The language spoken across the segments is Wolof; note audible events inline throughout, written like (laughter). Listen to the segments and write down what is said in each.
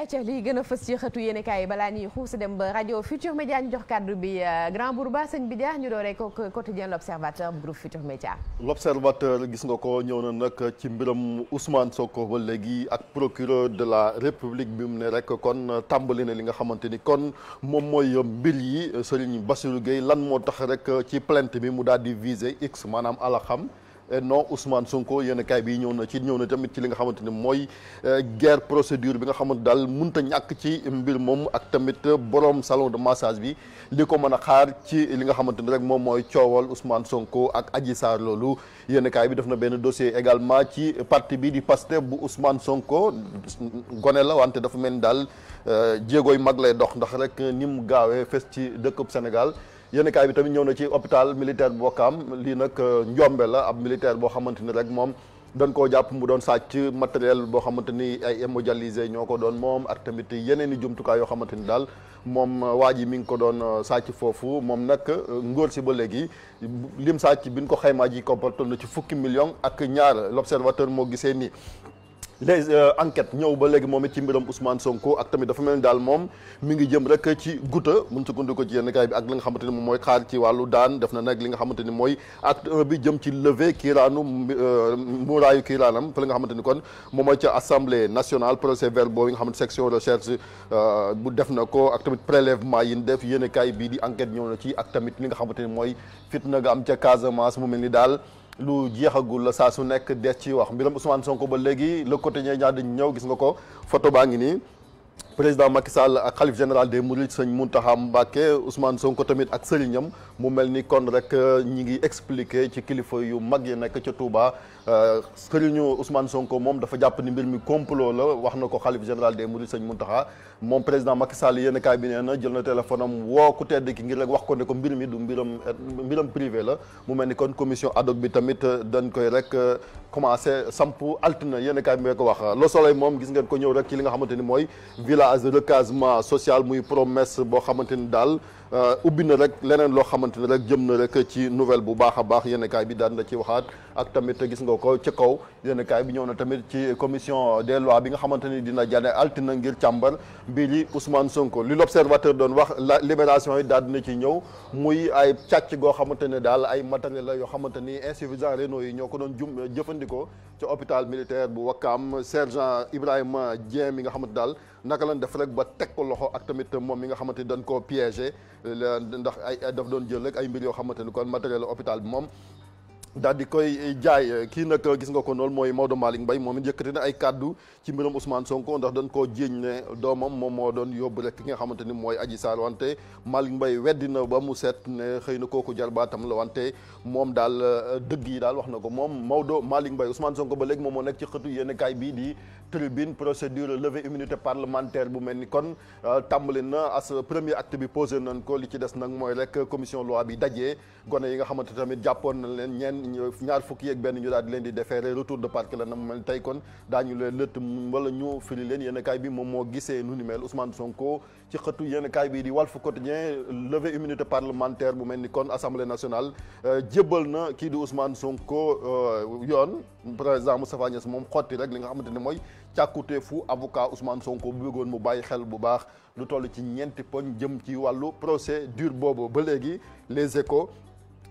ayca liy gën a fës ci xëtu yéen kaay balaa ñuy xuus dem ba rajo Futur Média ñu jox kàddu bi euh, grand Bourba sëñ bi ñu dooree ko quotidien l' observateur bu groupe Futur Média. l' observateur gis nga ko ñëw na nag ci mbiram Ousmane Sonko ba léegi ak procureur de la république bi mu ne rek kon tàmbali na li nga xamante ni kon moom mooy yoom mbir yi Serigne Bassirou Gueye lan moo tax rek ci plainte bi mu daal di viser x maanaam alaxam. Euh, non Ousmane Sonko yéen a kaay bi ñëw na ci ñëw na tamit ci li nga xamante ni mooy euh, guerre procédure bi nga xamante daal mënut a ñàkk ci mbir moom ak tamit borom salon de massage bi li ko mën a xaar ci li nga xamante ni rek moom mooy coowal Ousmane Sonko ak Adji Sarr loolu yéen kaay bi def na benn dossier également ci parti bi di Pastef bu Ousmane Sonko gone la wante dafa mel ni daal euh, jéego yu mag lay dox ndax rek ni mu gaawee fes ci dëkkub Sénégal. yéen kaay bi tamit ñëw na ci hôpital militaire bu Wakaam lii nag euh, njombe la ab militaire boo xamante ni rek moom dañ ko jàpp mu doon sàcc matériel boo xamante ni ay hémodialysé ñoo ko doon moom ak tamit yeneen i jumtukaay yoo xamante ni daal moom euh, waa ji mi ngi ko doon euh, sàcc foofu moom nag ngóor si ba léegi lim sàcc bi ñu ko xaymaa ji ko toll na ci fukki million ak ñaar l'observateur moo gisee ni les euh, enquêtes ñëw ba léegi moom it ci mbiram Ousmane Sonko ak tamit dafa mel ni daal moom mi ngi jëm rek ci guta mun sukkandiku ci yenn kaay bi ak li nga xamante ni moom mooy xaar ci wàllu daan def na nag li nga xamante ni mooy bi jëm ci levée kiiraanu euh, muuraayu kiiraanam fa li nga xamante ni kon moom mooy ca assemblée nationale procès verbaux yi nga xamante section recherche euh, bu def na ko ak tamit prélèvement yi def yenn kaay bii di enquête ñëw na ci ak tamit li nga xamante ni mooy fitna nga am ca Casamance mu mel ni daal lu jeexagul la saa su nekk des ci wax mbiram Ousmane Sonko ba léegi le quotidien ñaar dañ ñëw gis nga ko photo baa ngi nii président Macky Sall ak xalif général des Mourides sëñ Mountakha Mbacké Ousmane Sonko tamit ak sëriñam mu mel ni kon rek euh, ñi ngi expliqué ci kilifa yu mag yi nekk ca Touba euh, sëriñu Ousmane Sonko moom dafa jàpp ni mbir mi complot la wax na ko xalif général des Mourides sëñ Mountakha moom président Macky Sall yéen kaay bi nee na jël na téléphone am woo ku tedd ki ngir rek wax ko ne mbir mi du euh, mbiram privé la mu mel ni kon commission ad hoc bi tamit dañ koy rek commencé samp altine yéen kaay bi ko wax Le Soleil ko ñëw rek ci li nga xamante ni mooy case recasement sociale muy promesse boo xamante ni daal euh, ubbi na rek leneen loo xamante ni rek jëm na rek ci nouvelle bu baax a baax yenn kaay bi daan na ci waxaat ak tamit gis nga ko ci kaw yéen kaay bi ñëw na tamit ci commission des lois bi nga xamante ni dina jane altina ngir càmbar mbir yi Ousmane Sonko li l'observateur doon wax la libération yi daal dina ci ñëw muy ay càcc goo xamante ne daal ay matériel la yoo xamante ni insuffisants rénaux yi ñoo ko doon jum jëfandikoo ci hôpital militaire bu Wakam sergent Ibrahima Dieng mi nga xamante daal naka lañ def rek ba teg ko loxo ak tamit moom mi nga xamante ni dañ koo piégé ndax ay daf doon jël rek ay mbir yoo xamante ni kon matériel hôpital bi moom daal di koy jaay kii nag gis nga ko noonu mooy Maodo Malick mbay moom it yëkkati na ay kàddu ci mbiram Ousmane Sonko ndax dañ koo jiiñ ne doomam moom moo doon yóbbu rek ki nga xamante ni mooy aji Sarr wante Malick Mbaye weddi na ba mu seet ne xëy na kooku jarbaatam la wante moom daal dëgg yi daal wax na ko moom Maodo Malick Mbaye Ousmane Sonko ba léegi moom moo nekk ci xëtu yéenekaay bii di tribune procédure levée immunité parlementaire bu mel ni kon euh, tàmbali na as premier acte bi posé nañ ko li ci des nag mooy rek commission loi bi dajee gone yi nga xamante tamit jàppoon na leen ñeen ñaar fukki yeeg benn ñu daal di leen di defeere retour de parquet la na mel tey kon daañu leen lëtt wala ñu firi leen yéen kaay bi moom moo gisee nu ni mel Ousmane Sonko ci xëtu yéen kaay bi di wal Walf Quotidien levé immunité parlementaire bu mel ni kon assemblée nationale euh, jébbal na kii di Ousmane Sonko euh, yoon président Moustapha Niass moom xotti rek li nga xamante ne mooy càkkute fu avocat Ousmane Sonko bu bëggoon mu bàyyi xel bu baax lu toll ci ñeenti poñ jëm ci wàllu procédure boobu ba léegi les échos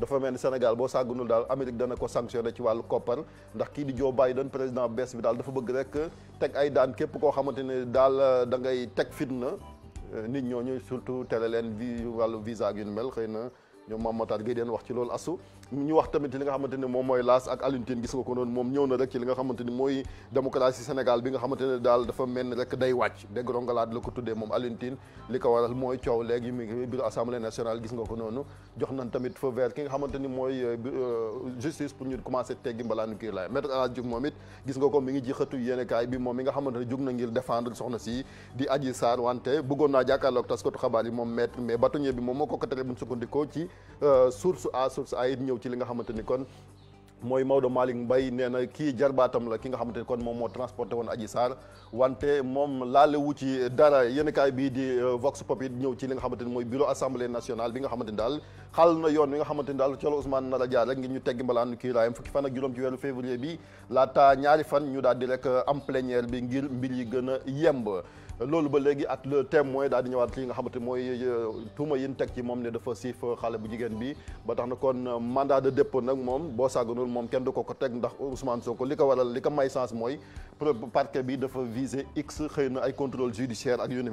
dafa mel ni Sénégal boo sàggunul daal Amérique dana ko sanctionné ci wàllu koppar ndax kii di Joe Biden président bees bi daal dafa bëgg rek teg ay daan képp koo xamante ne daal euh, da ngay teg fitna euh, nit ñooñu surtout tere leen vi wàllu visa ak yu mel xëy na ñoom Mame Matar Gueye deen wax ci loolu asu ñu wax tamit li nga xamante moom mooy laas ak Alioune Tine gis nga ko noonu moom ñëw li ne daal dafa mel ni rek day wàcc dégg ko moom Alioune li ko waral mooy coow léegi mu ngi biir assemblée nationale gis nga ko noonu jox nañ tamit feu vert ki nga xamante ni mooy euh, euh, justice pour ñu commencé teggi mbalaanu kii laay maître El moom it gis nga ko mi kaay bi moom mi nga xamante ne jóg na ngir défendre soxna si di Adji Sarr wante bëggoon naa jàkkaarloog taskatu xabaar yi moom maître Euh, source à source a it ñëw ci li nga xamante ni kon mooy Maodo Malick Mbaye nee na kii jarbaatam la ki nga xamante ni kon moom moo transporté woon Adji Sarr wante moom laale wu ci dara yéen kaay bii di euh, Vox Populi ñëw ci li nga xamante ni mooy bureau assemblée nationale bi nga xamante ni daal xal na yoon wi nga xamante ni daal ci la Ousmane nar a jaar rek ngir ñu teggi mbalaanu kii raayam fukki fan ak juróom ci weeru février bi laata ñaari fan ñu daal di rek euh, am bi ngir mbir yi gën a yemb loolu ba léegi at le témoin daal di ñëwaat li nga xamante mooy euh, tuuma yin teg ci moom ne dafa siif xale bu jigéen bi ba tax na kon euh, mandat de dépôt nag moom boo saaganul moom kenn du ko ko teg ndax Ousmane Sonko li ko waral li ko may sens mooy parquet bi dafa visé x xëy na ay contrôle judiciaire ak yu ni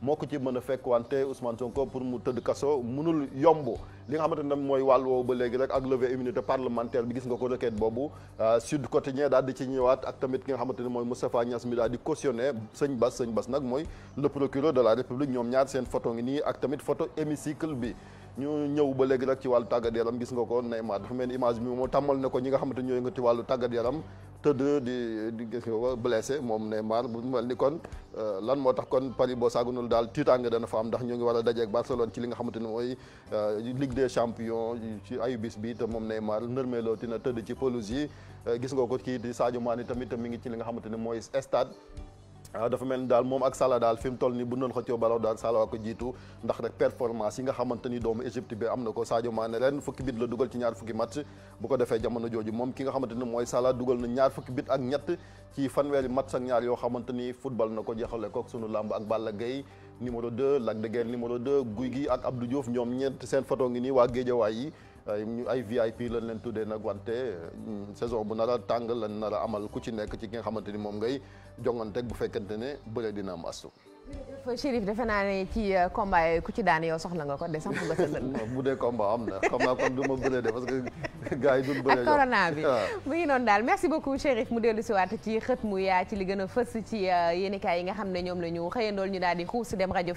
moo ko ci mën a fekk wante Ousmane Sonko pour mu tëdd kaso mënul yomb li nga xamante ne mooy wàll woowu ba léegi rek ak levée immunité parlementaire bi gis nga ko requête boobu euh, Sud Quotidien daal ci ñëwaat ak tamit ki nga xamante ne mooy Moustapha Niass mi daal di cautionné sëñ Bass sëñ Bass nag mooy le procureur de la République ñoom ñaar seen photo ngi nii ak tamit photo hémicycle bi ñu ñëw ba léegi rek ci wàllu tàggat yaram gis nga ko Neymar dafa mel ni image bi moo tàmmal ne ko ñi nga xamante ñooy nga ci wàllu tàggat yaram tëdd di di gis nga blessé moom Neymar bu mel ni kon euh, lan moo tax kon Paris boo saagunul daal tiitaange dana fa am ndax ñu ngi war a dajeeg Barcelone ci li nga xamante ne mooy euh, Ligue des champions ci ayu bis bi te moom Neymar nërmeeloo tina tëdd ci pelouse yi euh, gis nga ko kii di Sadio Mané tamit mi ngi ci li nga xamante ne mooy stade waaw ah, dafa mel ni daal moom ak Salah daal fi mu toll nii bu ñu doon xëccoo balaw daal Salah waa ko jiitu ndax rek performance yi nga xamante ni doomu Égypte bi am na ko Sadio Mané ren fukki bit la dugal ci ñaar fukki match bu ko defee jamono jooju moom ki nga xamante ni mooy Salah dugal na ñaar fukki bit ak ñett ci fanweeri match ak ñaar yoo xamante ni football na ko jeexale ko sunu làmb ak Balla Gaye numéro 2 Lac de Guiers numéro 2 Guy gi ak Abdou Diouf ñoom ñeent seen photo ngi nii waa Géejawaay yi ay ay VIP lañ leen tuddee nag wante mm, saison bu nar a tàng la nar a amal ku ci nekk ci ki nga xamante ni moom ngay jonganteeg bu fekkente ne bëre dina am astu jërëjëf Chérif defe naa ne ci euh, combat yooyu ku ci daan yow soxla nga ko de samp nga sëgal (laughs) bu dee combat am na xam naa kon du bëree de parce que (laughs) gars yi duñ bëree ak corona bi ah. mu ngi noonu daal merci beaucoup Chérif mu dellu si waat ci xët mu yaa ci li gën a fës ci euh, yéenekaay yi nga xam ne ñoom la ñu xëyandool dem